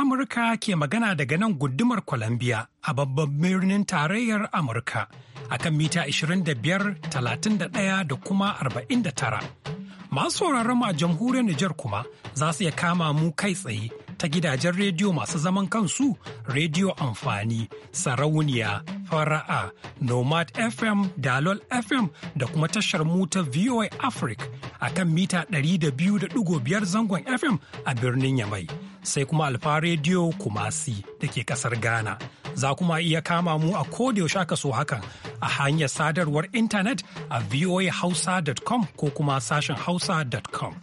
Amurka ke magana daga nan gudumar Columbia a babban birnin tarayyar Amurka a kan mita 25, 31 da kuma 49. Masu sauraron mu a jamhuriyar Nijar kuma za su iya kama mu kai tsaye ta gidajen rediyo masu zaman kansu rediyo amfani sarauniya fara'a nomad fm dalol fm da kuma tashar mutar voa africa a kan mita 200.5 zangon fm a birnin yamai sai kuma alfa rediyo kumasi da ke kasar ghana za kuma iya kama mu a yaushe aka so hakan a hanyar sadarwar intanet a voahausa.com ko kuma sashen hausa.com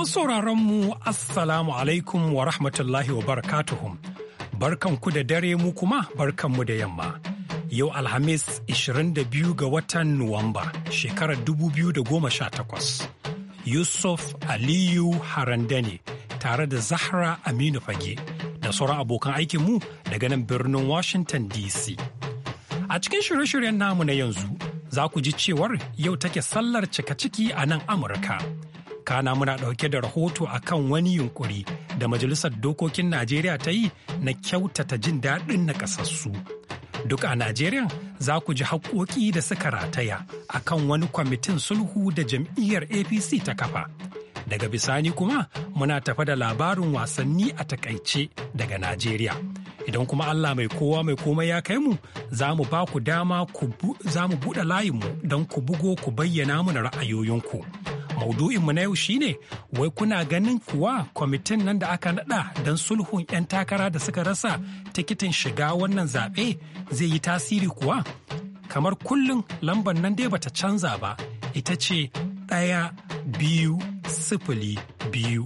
Masu sauraron mu Assalamu alaikum wa rahmatullahi wa barakatuhum. ku da dare mu kuma mu da yamma. Yau Alhamis 22 ga watan Nuwamba shekarar 2018. Yusuf Aliyu Harandane tare da Zahra Aminu Fage da sauran abokan mu daga nan birnin Washington DC. A cikin shirye-shiryen namu na yanzu, za ku ji cewar yau take sallar cika ciki a nan Amurka. kana muna ɗauke da rahoto a kan wani yunkuri da majalisar dokokin najeriya ta yi na kyautata jin daɗin na ƙasassu duk a najeriya za ku ji haƙoƙi da suka rataya a kan wani kwamitin sulhu da jam'iyyar apc ta kafa daga bisani kuma muna tafa da labarin wasanni a takaice daga najeriya idan kuma allah mai kowa mai komai ya kai mu za mu ba ku dama za mu buɗe layinmu don ku bugo ku bayyana mana ra'ayoyinku Maudu'inmu na yau shine wai kuna ganin kuwa kwamitin nan da aka nada don sulhun 'yan takara da suka rasa tikitin shiga wannan zaɓe zai yi tasiri kuwa? Kamar kullum lambar nan dai bata canza ba, ita ce ɗaya biyu sifili biyu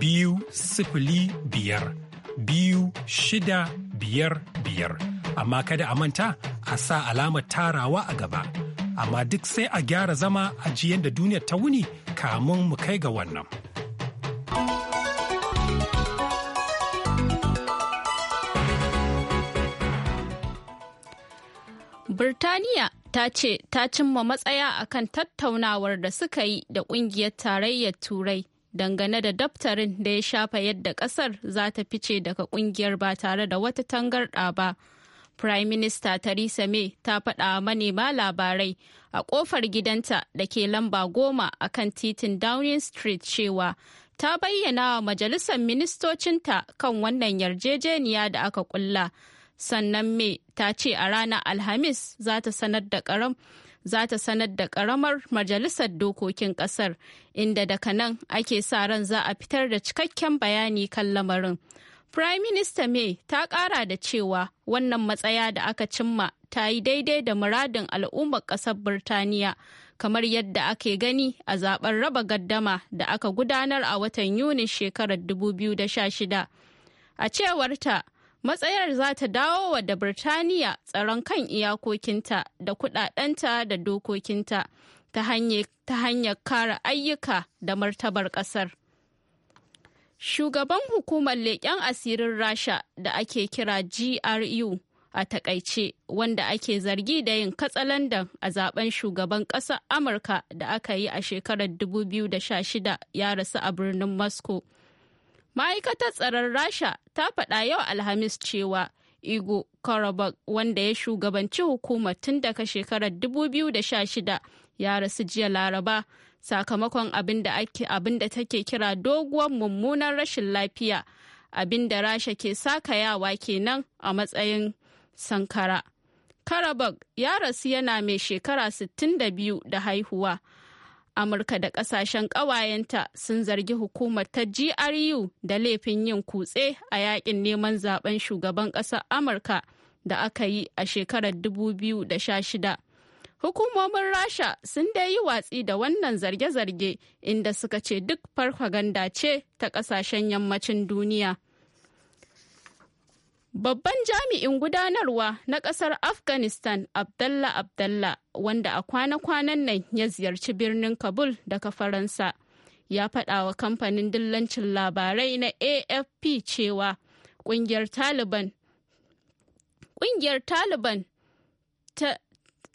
biyu sifili biyar biyu shida biyar biyar. Amma kada a manta a sa alamar tarawa a gaba. amma duk sai a gyara zama a jiyan da duniyar ta wuni kamun mu kai ga wannan. Birtaniya ta ce ta cimma matsaya akan tattaunawar da suka yi da kungiyar tarayyar Turai dangane da daftarin da ya shafa yadda kasar za ta fice daga kungiyar ba tare da wata tangarɗa ba. Prime Minister Theresa May ta faɗa manema labarai a ƙofar gidanta da ke lamba goma a kan titin Downing Street cewa ta bayyana wa majalisar ministocinta kan wannan yarjejeniya da aka ƙulla Sannan May ta ce a ranar Alhamis za ta sanar da ƙaram. za ta sanar da karamar majalisar dokokin ƙasar inda daga nan ake sa ran za a fitar da cikakken bayani kan lamarin Prime Minister May ta ƙara da cewa wannan matsaya da aka cimma ta yi daidai da muradin al'ummar ƙasar Birtaniya kamar yadda ake gani a zaben raba gaddama da aka gudanar a watan Yunin shekarar 2016. A cewarta, matsayar za ta dawo wa da Birtaniya tsaron kan iyakokinta da kudadenta da dokokinta ta hanyar kare ayyuka da martabar ƙasar. Shugaban hukumar leƙen asirin Rasha da ake kira GRU a takaice wanda ake zargi da yin katsalandan a zaben shugaban ƙasar Amurka da aka yi a shekarar 2016 ya rasu a birnin Moscow. Ma'aikatar tsaron Rasha ta faɗa yau Alhamis cewa Igo Korobok wanda ya shugabanci hukumar tun daga shekarar 2016 ya rasu jiya Laraba sakamakon abin da take kira doguwar mummunar rashin lafiya abin da rasha ke sakayawa kenan a matsayin sankara karabag ya rasu yana mai shekara 62 da haihuwa amurka da kasashen ƙawayenta sun zargi hukumar ta gru da laifin yin kutse a yakin neman zaben shugaban ƙasar amurka da aka yi a shekarar 2016 Hukumomin Rasha sun dai yi watsi da wannan zarge-zarge inda suka ce duk farfaganda ce ta kasashen yammacin duniya. Babban jami'in gudanarwa na ƙasar Afghanistan Abdallah Abdallah wanda a kwana-kwanan nan ya ziyarci birnin Kabul daga Faransa ya faɗa wa kamfanin dillancin labarai na AFP cewa ƙungiyar Taliban ta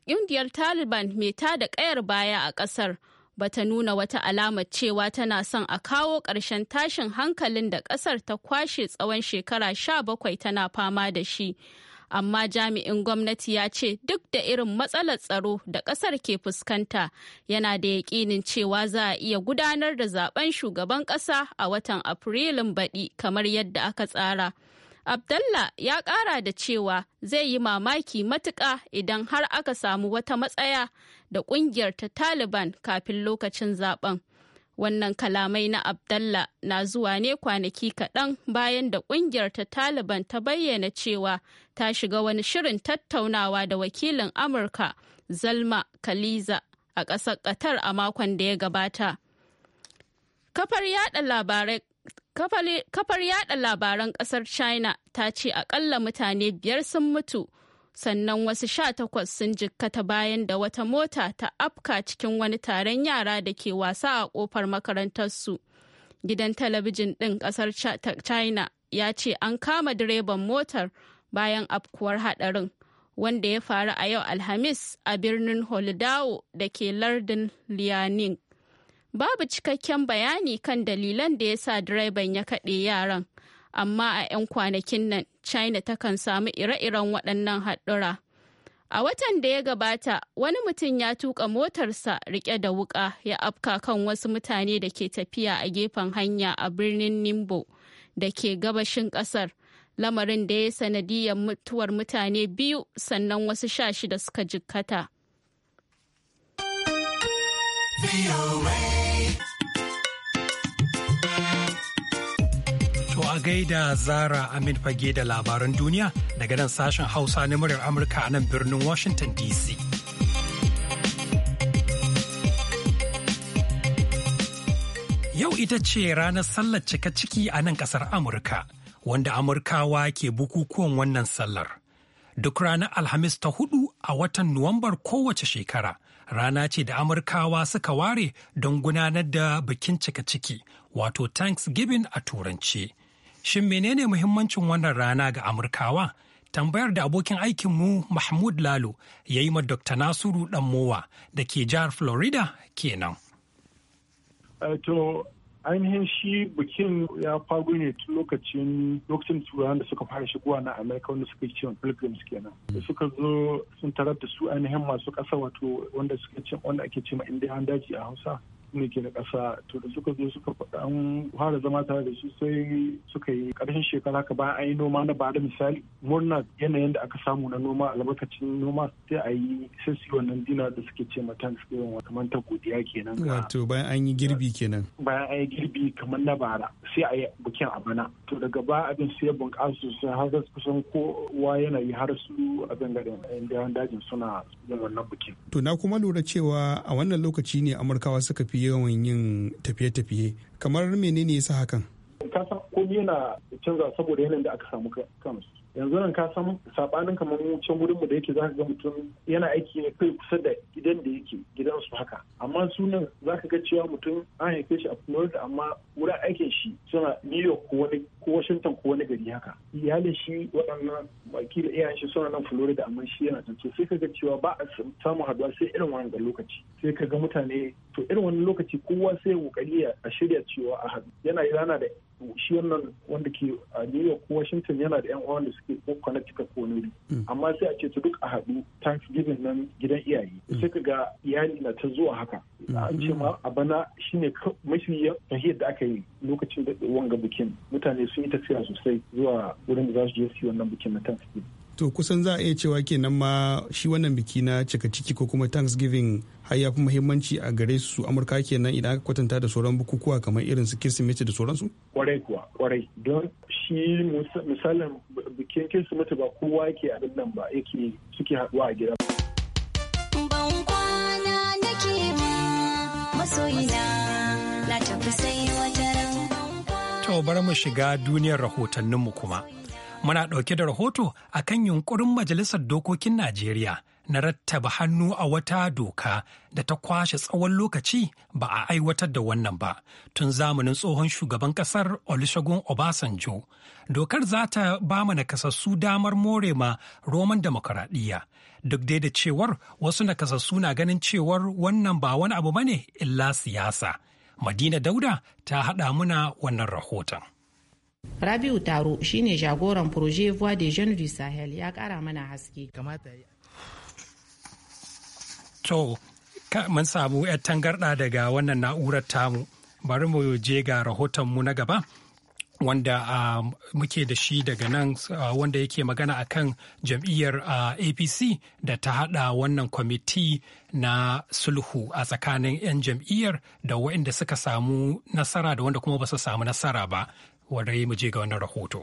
ƙungiyar Taliban mai ta da ƙayar baya a ƙasar bata nuna wata alamar cewa tana son a kawo ƙarshen tashin hankalin da ƙasar ta kwashe tsawon shekara sha bakwai tana fama da shi. Amma jami'in gwamnati ya ce duk da irin matsalar tsaro da ƙasar ke fuskanta yana da yaƙinin cewa za a iya gudanar da zaben shugaban ƙasa a watan Afrilun baɗi kamar yadda aka tsara. Abdallah ya ƙara da cewa zai yi mamaki matuƙa idan har aka samu wata matsaya da ƙungiyar ta Taliban kafin lokacin zaben. Wannan kalamai na Abdallah na zuwa ne kwanaki kaɗan bayan da ƙungiyar ta Taliban ta bayyana cewa ta shiga wani shirin tattaunawa da wakilin Amurka Zalma kaliza a ƙasar Qatar a makon da ya gabata. Kafar yada labarai Kafar yada labaran kasar China ta ce akalla mutane biyar sun mutu sannan wasu sha takwas sun jikkata bayan da wata mota ta afka cikin wani taron yara da ke wasa a kofar makarantarsu. Gidan talabijin din kasar China ya ce an kama direban motar bayan afkuwar hadarin wanda ya faru a yau Alhamis a birnin Holidawo da ke lardin Lianing. babu cikakken bayani kan dalilan da ya sa direban ya kaɗe yaran amma a 'yan kwanakin nan china takan samu ire-iren waɗannan haɗura a watan da ya gabata wani mutum ya tuka motarsa rike da wuka ya afka kan wasu mutane da ke tafiya a gefen hanya a birnin nimbo da ke gabashin ƙasar lamarin da ya sanadiyar mutuwar mutane biyu sannan wasu sha shida suka jikkata. a gaida Zara Amin Fage da labaran duniya daga nan sashen Hausa na muryar Amurka a nan birnin Washington DC. Yau ita ce ranar sallar cika ciki a nan kasar Amurka, wanda Amurkawa ke bukukuwan wannan sallar. Duk ranar Alhamis ta hudu a watan Nuwambar kowace shekara. rana ce da Amurkawa suka ware don gudanar da bikin cika ciki, wato Thanksgiving a Turanci. Shin menene muhimmancin wannan rana ga Amurkawa? Tambayar da abokin aikinmu Mahmud Lalo ya yi ma Dr. Nasiru Danmowa da ke jihar Florida kenan. Eh, to, ainihin shi bikin ya faru ne tun lokacin lokacin turawan da suka fara shigowa na amerika wanda suka yi ciwon pilgrims kenan da suka zo sun tarar da su ainihin masu ƙasa wato wanda suka ce wanda ake ce ma an daji a hausa ne ke na ƙasa to da suka zo suka faɗa an fara zama tare da su sai suka yi ƙarshen shekara ka bayan an yi noma na bada misali murna yanayin da aka samu na noma albarkacin noma sai a yi sai wannan dina da suke ce mata suke wani. kamar ta godiya kenan. wato bayan an yi girbi kenan. bayan an yi girbi kamar na bara sai a yi bukin a bana to daga ba abin sai ya bunƙasa sosai har kusan kowa yana yi har su abin gadin yan dajin suna yin wannan bukin. to na kuma lura cewa a wannan lokaci ne amurkawa suka fi fi yawan yin tafiye-tafiye kamar menene yasa hakan ka san komai yana canza saboda yanayin da aka samu kansu yanzu nan ka san sabanin kamar can gurin mu da yake zaka ga mutum yana aiki ne kai kusa da gidan da yake gidan su haka amma sunan zaka ga cewa mutum an haife shi a Florida amma wurin aikin shi suna New York ko wani ko Washington ko wani gari haka iyalin shi waɗannan da iyayen shi suna nan Florida amma shi yana can sai ka ga cewa ba a samu haduwa sai irin wani lokaci sai ka ga mutane to irin wani lokaci kowa sai ya kokari a shirya cewa a haɗu yana rana da shi wannan wanda ke a New York ko Washington yana da yan uwan da suke ko Connecticut ko nuri hmm. amma sai a ce su duk a haɗu Thanksgiving nan gidan iyaye hmm. sai ka ga iyali na ta zuwa haka hmm. an ce ma a bana shine mafi tahiyar da aka yi lokacin da wanga bikin mutane sun yi tafiya sosai zuwa wurin da za su je su yi wannan bikin na Thanksgiving to kusan za a iya cewa kenan ma shi wannan biki na cika ciki ko kuma thanksgiving har ya fi muhimmanci a gare su amurka kenan idan aka kwatanta da sauran bukukuwa kamar irin su kirsimeti da sauransu kwarai kuwa kwarai don shi misalin bikin kirsimeti ba kowa yake abin nan ba yake suke haɗuwa a gida ban kwana nake ba masoyina na tafi sai wata ran to mu shiga duniyar rahotanninmu kuma Muna ɗauke da rahoto a kan yunkurin Majalisar Dokokin Najeriya na rattaba hannu a wata doka da ta kwashe tsawon lokaci ba a aiwatar da wannan ba tun zamanin tsohon shugaban kasar Olusegun Obasanjo. Dokar za ta ba mana nakasassu damar more ma Roman demokaradiyya. Duk dai da cewar wasu nakasassu na ganin cewar wannan ba wani abu bane illa siyasa. Madina Dauda ta haɗa muna wannan rahoton. Rabiu Taro shine jagoran Projet Voix des Jeunes du Sahel ya kara mana haske. To, mun samu 'yar tangarɗa daga wannan na'urar tamu, bari mu je ga mu na gaba. wanda uh, muke da shi daga nan uh, wanda yake magana a kan jam'iyyar uh, apc da ta haɗa wannan kwamiti na sulhu a tsakanin 'yan jam'iyyar da waɗanda suka samu nasara da wanda kuma ba su samu nasara ba warai mu je ga wannan rahoto.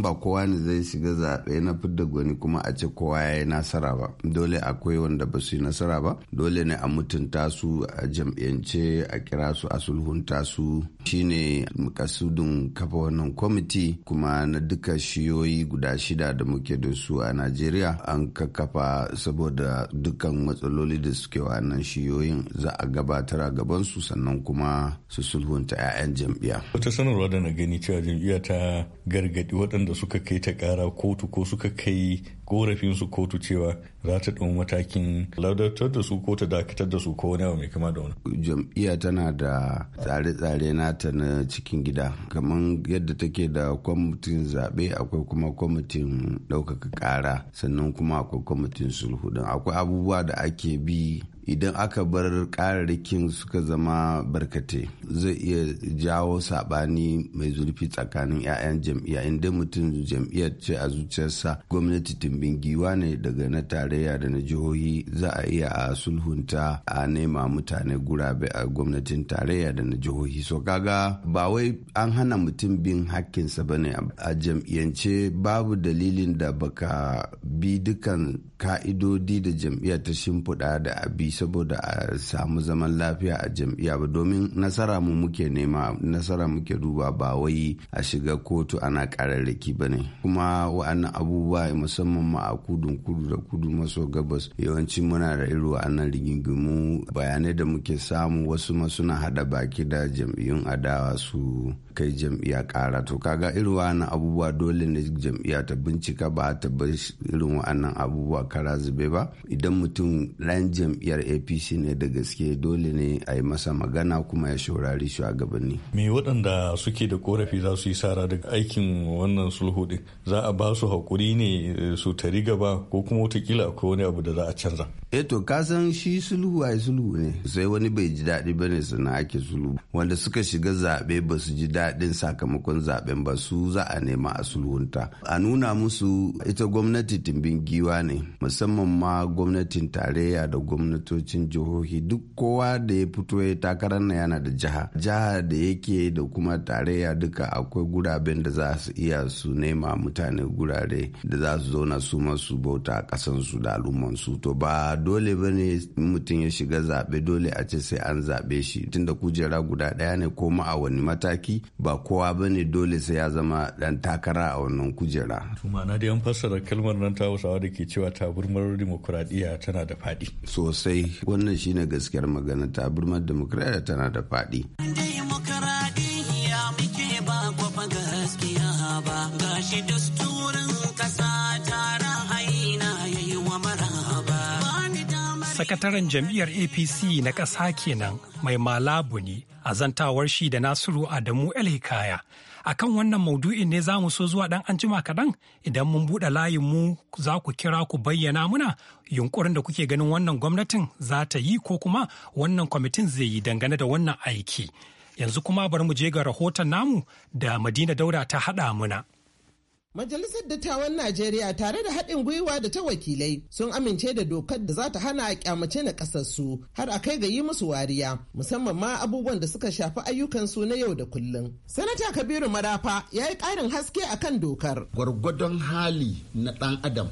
ba kowa ne zai shiga zaɓe na fidda gwani kuma a ce kowa ya yi nasara ba dole akwai wanda ba su yi nasara ba dole ne a mutunta su a jam'iyance a kira su a sulhunta su shine makasudin kafa wannan kwamiti kuma na duka shiyoyi guda shida da muke da su a najeriya an kakkafa saboda dukkan matsaloli da suke wannan shiyoyin za a gabatar a gaban su sannan kuma su sulhunta 'ya'yan jam'iyya wata sanarwa da na gani cewa jam'iyya ta gargadi waɗanda da suka kai ta ƙara kotu ko suka kai korafinsu kotu cewa za ta ɗau matakin laudatar da su ko ta dakatar da su ko wani abu mai kama da wani. jam'iyya tana da tsare-tsare nata na cikin gida kamar yadda take da kwamitin zaɓe akwai kuma kwamitin ɗaukaka ƙara sannan kuma akwai kwamitin sulhu akwai abubuwa da ake bi idan aka bar kararrakin suka zama barkate zai iya jawo sabani mai zurfi tsakanin 'ya'yan jam'iyya inda mutum jam'iyyar ce a zuciyarsa gwamnati tumbin giwa ne daga na tarayya da na jihohi za a iya a sulhunta a nema mutane gurabe a gwamnatin tarayya da na jihohi so kaga ba wai an hana mutum bin hakkinsa ba ne a jam'iyyance babu dalilin da baka bi dukan ka'idodi da jam'iyyar ta shimfiɗa da abi saboda a samu zaman lafiya a jam'iyya ba domin nasara mu muke nema nasara muke duba ba wai a shiga kotu ana kararraki ba ne kuma wa'annan abubuwa musamman ma a kudun kudu da kudu maso gabas yawanci muna da irin wa'annan rigingimu bayanai da muke samu wasu ma suna haɗa baki da jam'iyyun adawa su kai jam'iyya kara to kaga irin wa'annan abubuwa dole ne jam'iyya ta bincika ba ta bar irin wa'annan abubuwa kara zube ba idan mutum yan jam'iyyar apc ne da gaske dole ne a yi masa magana kuma ya shaurari shugabanni me waɗanda suke da korafi za su yi sara daga aikin wannan sulhu din za a ba su haƙuri ne eh, su tari gaba ko kuma watakila akwai wani abu da za a canza eto eh san shi sulhu ai sulhu ne sai wani bai ji daɗi ba ne suna ake sulhu wanda suka shiga zaɓe ba su ji daɗin sakamakon zaɓen ba su za a nema a sulhunta a nuna musu ita gwamnati timbin giwa ne musamman ma gwamnatin tarayya da gwamnatocin jihohi duk kowa da ya fito ya takarar na yana da jiha jiha da yake da kuma tarayya duka akwai guraben da za su iya su nema mutane gurare da za su zauna su masu bauta a kasansu da al'ummansu to ba dole ba ne mutum ya shiga zaɓe dole a ce sai an zaɓe shi tunda kujera guda ɗaya ne ko ma a wani mataki ba kowa ba ne dole sai ya zama ɗan takara a wannan kujera. na da yan fassara kalmar nan ta hausawa da ke cewa taburmar dimokuraɗiyya tana da faɗi. sosai wannan shine gaskiyar magana taburmar dimokuraɗiyya tana da faɗi. sakataren jam'iyyar apc na ƙasa kenan mai malabu ne a zantawar shi da nasiru adamu a kan wannan maudu'in ne za mu so zuwa dan anjima kaɗan idan mun buɗe layin mu za ku kira ku bayyana muna yunkurin da kuke ganin wannan gwamnatin za ta yi ko kuma wannan kwamitin zai yi dangane da wannan aiki yanzu kuma bari mu je ga rahoton namu da madina daura ta haɗa muna. Majalisar Dattawan Najeriya tare da haɗin gwiwa da ta wakilai sun amince da dokar da za ta hana a kyamace na ƙasarsu har a kai ga yi musu wariya musamman ma abubuwan da suka shafi ayyukansu na yau da kullum. Sanata Kabiru Marafa ya yi ƙarin haske a kan dokar. Gwargwadon hali na ɗan adam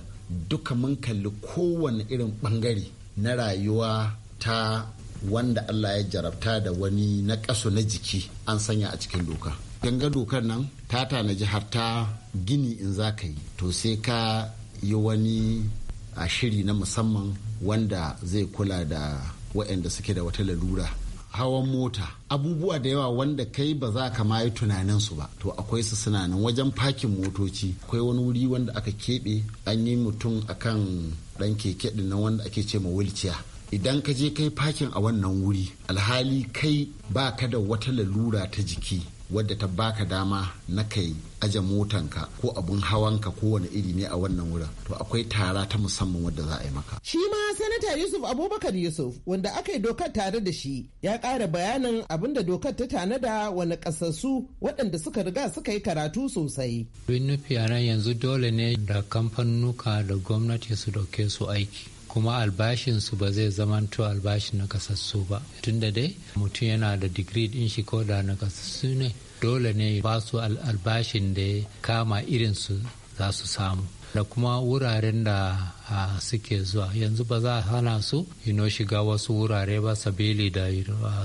duka mun kalli kowane irin ɓangare na rayuwa ta wanda Allah ya jarabta da wani na na jiki an sanya a cikin doka. Ganga dokar nan ta tanaji har ta gini in za ka yi to sai ka yi wani a shiri na musamman wanda zai kula da waɗanda suke da wata lalura hawan mota abubuwa da yawa wanda kai ba za ka ma yi tunanin su ba to akwai su suna nan wajen fakin motoci akwai wani wuri wanda aka keɓe an yi mutum akan ɗan keke na nan wanda ake ce ma wilciya idan ka je kai fakin a wannan wuri alhali kai ba ka da wata lalura ta jiki wadda ta baka dama na kai aje motanka ko abun hawanka kowane iri ne a wannan wurin to akwai tara ta musamman wadda za a yi maka. Shi ma sanata Yusuf Abubakar Yusuf wanda aka yi dokar tare da shi ya kara bayanin abin da dokar ta tanada wani ƙasassu waɗanda suka riga suka yi karatu sosai. Don nufi yanzu dole ne da kamfanuka da gwamnati su dauke su aiki. kuma albashinsu ba zai zamanto albashin na kasassu ba tunda dai mutum yana da digiri din shi ko da na kasassu ne dole ne ba su albashin da kama irinsu za su samu da kuma wuraren da a suke zuwa yanzu ba za a hana su ino shiga wasu wurare ba sabili da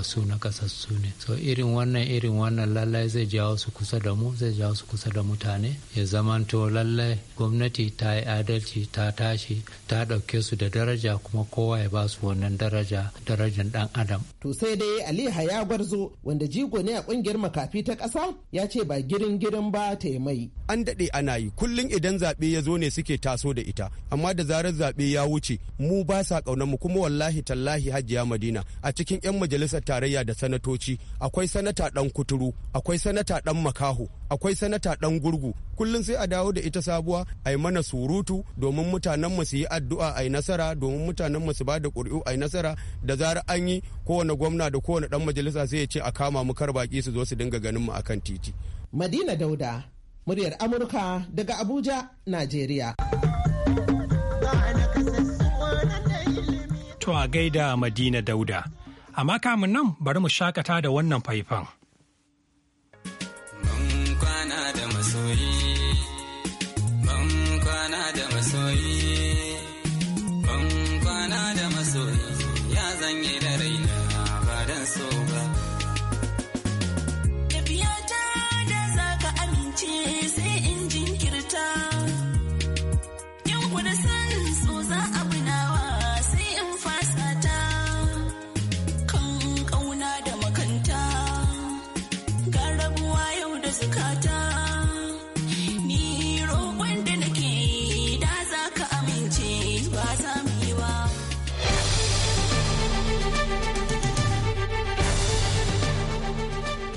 su na kasassu ne so irin wannan irin wannan lallai zai jawo su kusa da mu zai jawo su kusa da mutane ya zamanto lallai gwamnati ta yi adalci ta tashi ta ɗauke su da daraja kuma kowa ya ba su wannan daraja darajan dan adam to sai dai ali haya gwarzo wanda jigo ne a ƙungiyar makafi ta ƙasa ya ce ba girin girin ba ta yi mai an daɗe ana yi kullum idan zaɓe ya zo ne suke taso da ita amma da zarar zaɓe ya wuce mu ba sa ƙaunar mu kuma wallahi tallahi hajiya madina a cikin 'yan majalisar tarayya da sanatoci akwai sanata ɗan kuturu akwai sanata ɗan makaho akwai sanata ɗan gurgu kullum sai a dawo da ita sabuwa a yi mana surutu domin mutanen mu su yi addu'a a yi nasara domin mutanen mu su ba da ƙuri'u a yi nasara da zarar an yi kowane gwamna da kowane ɗan majalisa sai ya ce a kama mu kar baki su zo su dinga ganin mu akan titi. Madina Dauda, muryar Amurka daga Abuja, Najeriya. To a gaida Madina Dauda. Amma kamun nan bari mu shakata da wannan faifan.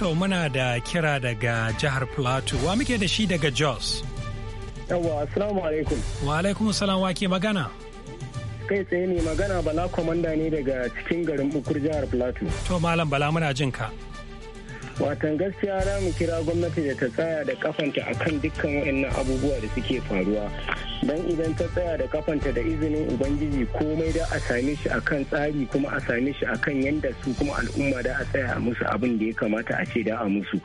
To muna da kira daga jihar Plateau. Wa muke da shi daga Jos? Yawwa, assalamu alaikum. Wa alaikum salam wa ke magana? Kai tsaye ne magana Bala kwamanda ne daga cikin garin Bukur jihar Plateau. To Malam Bala muna jin ka. watan gaskiya za mu kira gwamnati da ta tsaya da kafanta akan dukkan waɗannan abubuwa da suke faruwa don idan ta tsaya da kafanta da izinin ubangiji komai da a same shi akan tsari kuma a same shi akan yadda su kuma al'umma da a tsaya a musu abin da ya kamata a ce da a musu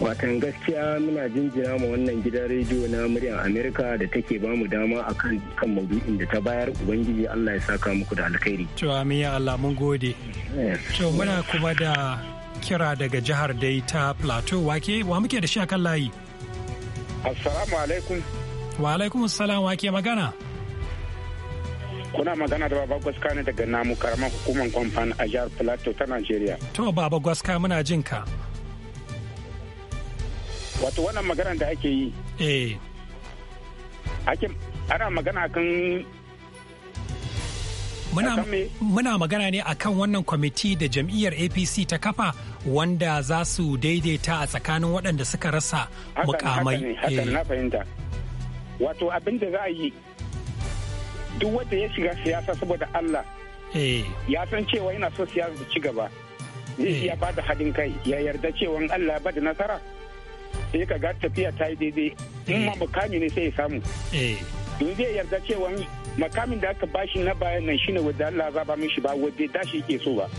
watan gaskiya muna jinjina ma wannan gidan rediyo na muryar amerika da take ba mu dama akan kan maudu'in da ta bayar ubangiji allah ya saka muku da alkhairi to amin yi allah mun gode cewa muna kuma da kira daga jihar dai ta plateau wake wa muke da shi a kan layi assalamu alaikum wa alaikum salam wake magana kuna magana da baba gwaska ne daga namu karamar hukumar kwamfan a jihar plateau ta Najeriya. to baba gwaska muna jin ka wato wannan magana da ake yi eh ana magana kan muna, muna magana ne akan wannan kwamiti da jam'iyyar apc ta kafa wanda za su daidaita a tsakanin waɗanda suka rasa mukamai. na eh. fahimta. Wato abin da za a yi duk wanda ya shiga siyasa saboda Allah eh. ya san cewa yana so siyasa da ci gaba. Zai eh. iya ba da haɗin kai ya yarda cewa Allah ba da nasara. Sai ka ga tafiya ta yi daidai. In ma mukami ne sai ya samu. Don zai yarda cewa makamin da aka bashi na bayan nan shine wadda Allah zaba mishi ba wadda dashi ke so ba.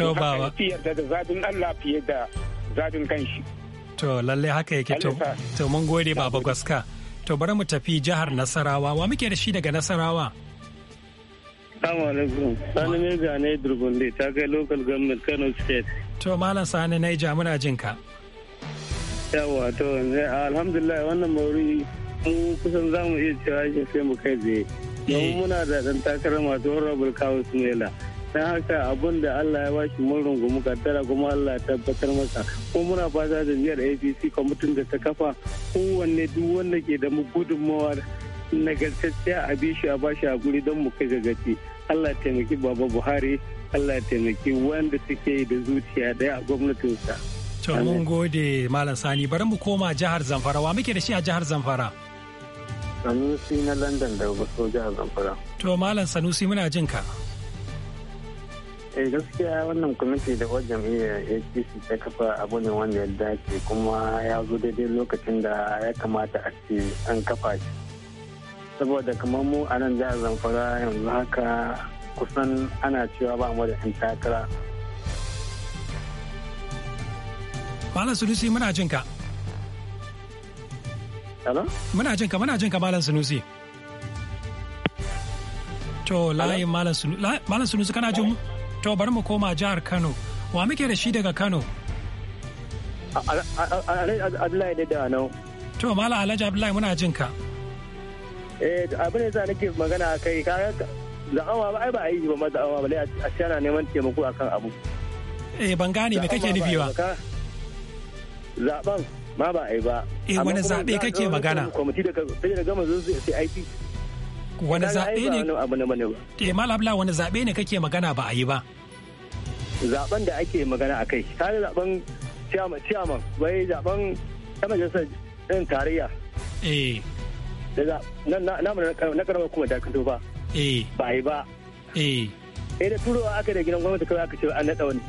to bawa Allah fiye da kanshi to lalle haka yake to to mun gode baba gaska to bari mu tafi jihar Nasarawa wa muke da shi daga Nasarawa Assalamu alaikum Sani Mirza ne Durgunde ta kai local government Kano state to malam Sani Naija muna jinka Yawwa to eh, alhamdulillah wannan mauri mu kusan za mu iya cewa shi sai mu kai zai. Eh. don muna da ɗan takarar masu honorable kawo sumela don haka abin da Allah ya bashi mun rungumi kaddara kuma Allah ya tabbatar masa kuma muna fata jiyar APC kwamitin da ta kafa kowanne duk wanda ke da gudunmawa nagartacciya a bishi a bashi a guri don mu kai gagaci Allah ya taimaki Baba Buhari Allah ya taimaki wanda suke da zuciya daya a gwamnatinsa. To mun gode Malam Sani bari mu koma jihar Zamfara wa muke da shi a jihar Zamfara. Sanusi na London da wasu jihar Zamfara. To Malam Sanusi muna jin ka. eh gaskiya wannan kwamiti da wajen jam'iyyar apc ta kafa abu ne wanda ya dace kuma ya zo daidai lokacin da ya kamata a ce an kafa shi saboda kamar mu a nan jihar zamfara yanzu haka kusan ana cewa ba mu da yan takara Malam Sunusi muna jin ka. Hello? Muna jin ka muna jin ka Malam Sunusi. To layin Malam Sunusi kana jin mu? To bari mu koma jihar Kano. Wa muke da shi daga Kano? Abdullahi ne da nau. To Malam Alhaji Abdullahi muna jin ka. Eh abin da nake magana kai ka za'awa ba ai ba a yi ba za'awa ba a ce na neman taimako akan abu. Eh ban gane me kake nufi ba. Zaben ma ba a yi ba. Eh wani zaɓe kake magana? Kwamiti daga gama zuwa sai wani zaɓe ne eh malabla wani zaɓe ne kake magana ba a yi ba Zaɓen da ake magana a kai kare zaɓen ciyaman bai zaɓen ta majalisar ɗin tarayya eh na mu na karama kuma dakanto ba eh ba yi ba eh eh da turo aka da gidan gwamnati kawai aka ce an naɗa wani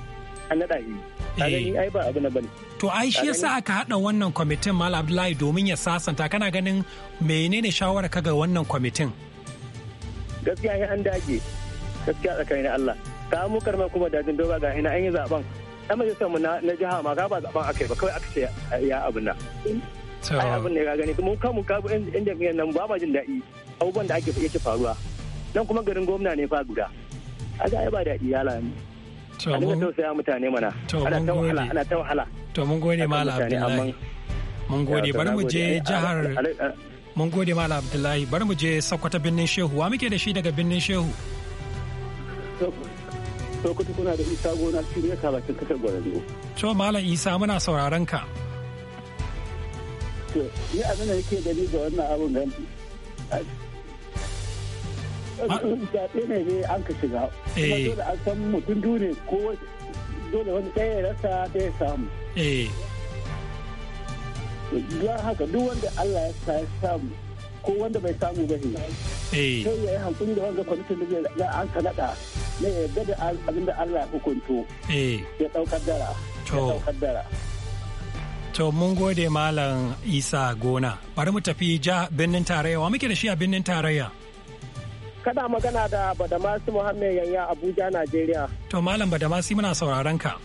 an naɗa yi eh. ai ba abu na bane to ai shi yasa aka haɗa wannan kwamitin mal abdullahi domin ya sasanta kana ganin menene shawara kaga wannan kwamitin gaskiya ya an dage gaskiya tsakanin Allah ta mu karma kuma dajin doba ga hina an yi zaben dan majalisar mu na jiha ma ga ba zaben akai ba kawai aka ce ya abin nan ai abin ne ga gani mun kamu kabu yan jami'an nan ba ma jin daɗi abubuwan da ake yake faruwa nan kuma garin gwamna ne fa guda a ga ba daɗi yala ne a dinga tausaya mutane mana ana ta wahala ana ta wahala to mun gode mala abdullahi mun gode bari mu je jihar Mun gode Malam Abdullahi bari mu je Sokoto birnin Shehu wa muke da shi daga birnin Shehu. Sokoto kuna da Isa gona shi ne kalakin kasar Gwararriyo. To Malam Isa muna sauraron ka. ni abin da yake gani ga wannan abin gan zaɓe ne ne an ka shiga. Kuma eh. dole an san mutum dune ko dole wani ɗaya ya rasa ɗaya samu. Eh. don haka duk wanda Allah ya samu ko wanda bai samu ba ne eh. sai ya yi hankali da wanda kwamitin da ya an kanada na yarda da abin da Allah ya hukunto eh. ya daukar dara ya daukar dara To mun gode Malam Isa Gona. Bari mu tafi ja birnin tarayya. Wa muke da shi a birnin tarayya? Kana magana da Badamasi Muhammad Yanya Abuja, Najeriya. To Malam Badamasi muna sauraron ka.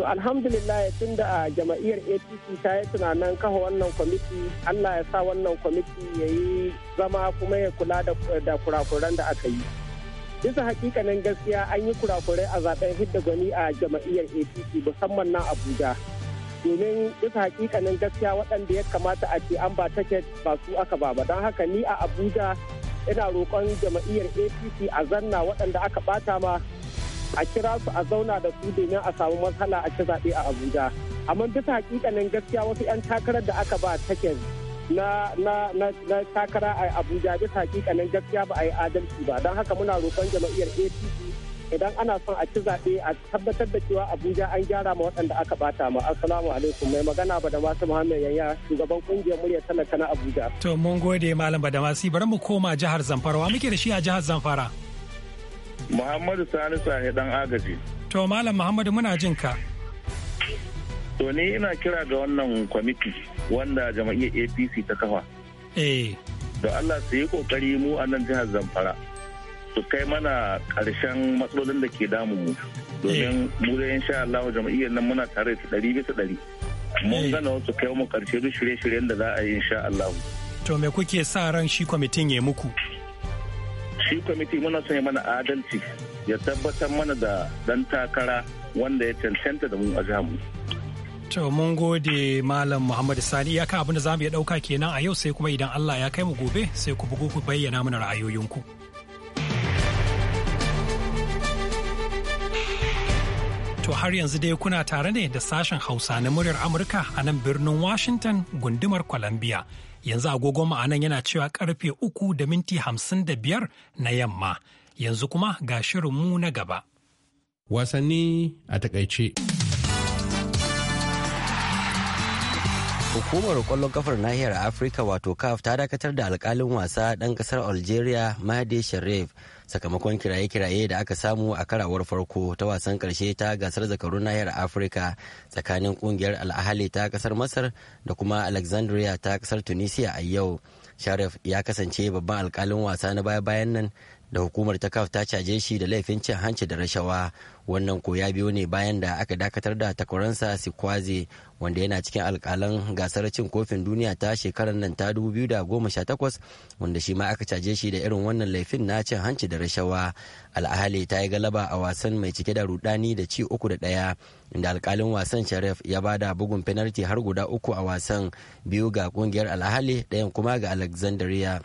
To alhamdulillah tun da ah, a jama'iyyar APC ta yi tunanin kafa wannan kwamiti Allah ya sa wannan kwamiti ya yi zama kuma ya kula da kurakuran da aka yi. Bisa hakikanin gaskiya an yi kurakurai a zaben hidda gwani a jama'iyyar APC musamman na Abuja. Domin bisa hakikanin gaskiya waɗanda ya kamata a ce an ba ke ba su aka ba ba don haka ni a Abuja ina roƙon jama'iyyar APC a zanna waɗanda aka ɓata ma a kira su a zauna da su domin a samu matsala a ci zaɓe a abuja amma bisa hakikanin gaskiya wasu 'yan takarar da aka ba take na na na takara a abuja bisa hakikanin gaskiya ba a yi adalci ba don haka muna roƙon jam'iyyar apc idan ana son a ci zaɓe a tabbatar da cewa abuja an gyara ma waɗanda aka bata ma assalamu alaikum mai magana Masu muhammed yanya shugaban ƙungiyar muryar talaka na abuja to mun gode malam badamasi bari mu koma jihar zamfara wa muke da shi a jihar zamfara Muhammadu Sani Sani dan agaji. To Malam Muhammadu muna jin ka. To ni ina kira ga wannan kwamiti wanda jama'iyyar APC ta kafa. Eh. Da Allah su yi kokari mu a nan jihar Zamfara. Su kai mana ƙarshen matsalolin da ke damu mu. Domin eh. mu da insha Allah jama'iyyar nan muna tare da ɗari bisa ɗari. Mun eh. gana wasu kai mu ƙarshe duk shirye-shiryen da za a yi insha Allah. To me kuke sa ran shi kwamitin ya muku? shi kwamiti muna son ya mana adalci ya tabbatar mana da dan takara wanda ya cancanta da mu a jihar To mun gode Malam Muhammadu Sani iyaka abin da za mu iya ɗauka kenan a yau sai kuma idan Allah ya kai mu gobe sai ku bugu ku bayyana mana ra'ayoyinku. To har yanzu dai kuna tare ne da sashen Hausa na muryar Amurka a nan birnin Washington gundumar Columbia. Yanzu agogon ma'anan yana cewa karfe uku da minti hamsin da biyar na yamma. Yanzu kuma ga mu na gaba. Wasanni a takaice. Hukumar kwallon kafar nahiyar Afirka wato CAF ta dakatar da alkalin wasa ɗan ƙasar Algeria Mahdi Sharif sakamakon kiraye-kiraye da aka samu a karawar farko ta wasan karshe ta gasar zakarun nahiyar afirka tsakanin kungiyar al'ahali ta kasar masar da kuma alexandria ta kasar tunisia a yau sharif ya kasance babban alkalin wasa na baya-bayan nan da hukumar ta kaf ta caje shi da laifin cin hanci da rashawa wannan koya ya biyo ne bayan da aka dakatar da takwaransa sikwaze wanda yana cikin alkalan gasar cin kofin duniya ta shekarar nan ta 2018 wanda shi ma aka caje shi da irin wannan laifin na cin hanci da rashawa al'ahali ta yi galaba a wasan mai cike da rudani da ci uku da daya inda alkalin wasan sharif ya bada bugun fenalti har guda uku a wasan biyu ga kungiyar al'ahali dayan kuma ga alexandria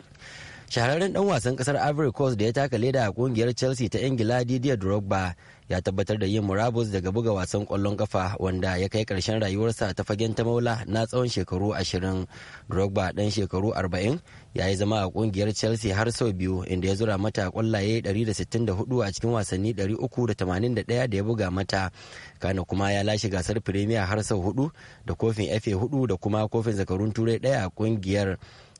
shahararren dan wasan kasar ivory coast da ya taka leda a kungiyar chelsea ta ingila didier drogba ya tabbatar da yin murabus daga buga wasan kwallon kafa wanda ya kai karshen rayuwarsa ta fagen ta maula na tsawon shekaru ashirin drogba dan shekaru arba'in ya yi zama a kungiyar chelsea har sau biyu inda ya zura mata kwallaye 164 a cikin wasanni 381 da ya buga mata kana kuma ya lashe gasar premier har sau hudu da kofin fa hudu da kuma kofin zakarun turai daya a kungiyar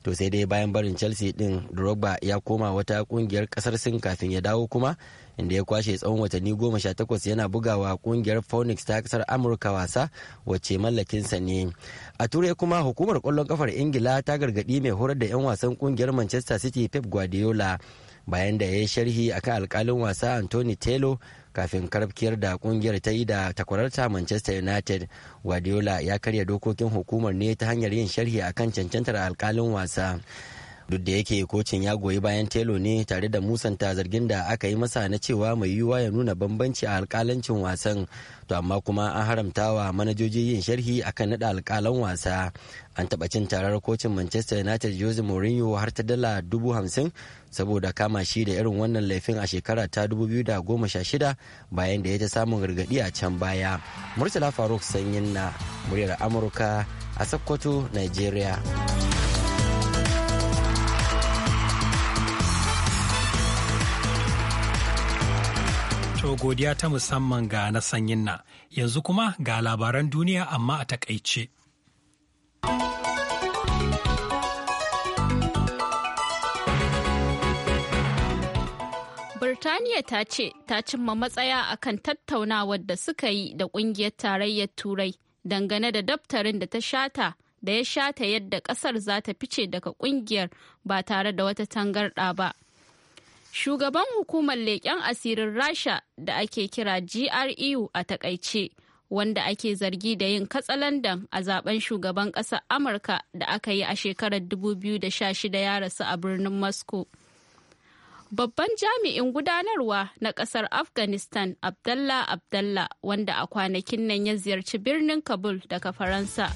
to sai dai bayan barin chelsea din drogba ya koma wata kungiyar kasar sin kafin ya dawo kuma inda ya kwashe tsawon watanni goma sha takwas yana bugawa kungiyar phoenix ta kasar amurka wasa wacce mallakinsa ne a turai kuma hukumar kwallon kafar ingila ta gargadi mai horar da 'yan wasan kungiyar manchester city pep guardiola bayan da ya yi sharhi akan alkalin wasa anthony taylor kafin karfkiyar da kungiyar ta yi da takwararta manchester united guardiola ya karya dokokin hukumar ne ta hanyar yin sharhi akan cancantar alkalin wasa duk da yake kocin ya goyi bayan telo ne tare da musanta zargin da aka yi masa na cewa mai yiwuwa ya nuna bambanci a alkalancin wasan to amma kuma an haramtawa manajoji yin sharhi akan nada alkalan wasa an taɓa cin tarar kocin manchester united jose mourinho har ta dala dubu hamsin saboda kama shi da irin wannan laifin a shekara ta 2016 bayan da ya ta samun gargaɗi a can baya murtala faruk sanyin na muryar amurka a sokoto nigeria To godiya ta musamman ga na sanyin na yanzu kuma ga labaran duniya amma a takaice. Birtaniya ta ce ta cimma matsaya a kan tattaunawar da suka yi da kungiyar tarayyar Turai dangane da daftarin da ta shata da ya shata yadda kasar za ta fice daga kungiyar ba tare da wata tangarɗa ba. Shugaban hukumar leƙen asirin Rasha da ake kira GREU a takaice, wanda ake zargi da yin katsalandan a zaben shugaban ƙasar Amurka da aka yi a shekarar 2016 ya rasu a birnin Moscow. Babban jami'in gudanarwa na ƙasar Afghanistan Abdallah Abdallah wanda a kwanakin nan ya ziyarci birnin Kabul daga Faransa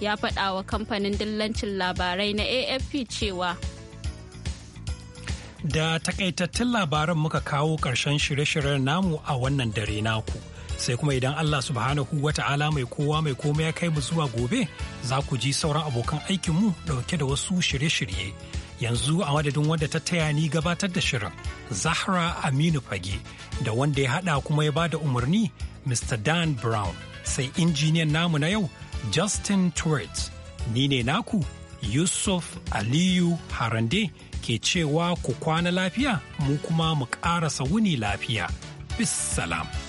ya faɗa wa kamfanin dillancin labarai na AFP cewa. Da takaitattun labaran muka kawo ƙarshen shirye-shiryen namu a wannan dare naku. Sai kuma idan Allah subhanahu wa ta'ala mai kowa mai komai ya kai mu zuwa gobe za ku ji sauran abokan aikinmu ɗauke da wasu shirye-shirye. yanzu a madadin wanda ta taya ni gabatar da shirin zahra aminu fage da wanda ya hada kuma ya bada umarni mr dan brown sai injiniyan namu na yau justin turret ni ne naku yusuf aliyu harande ke cewa ku kwana lafiya mu kuma mu ƙarasa wuni lafiya bis salam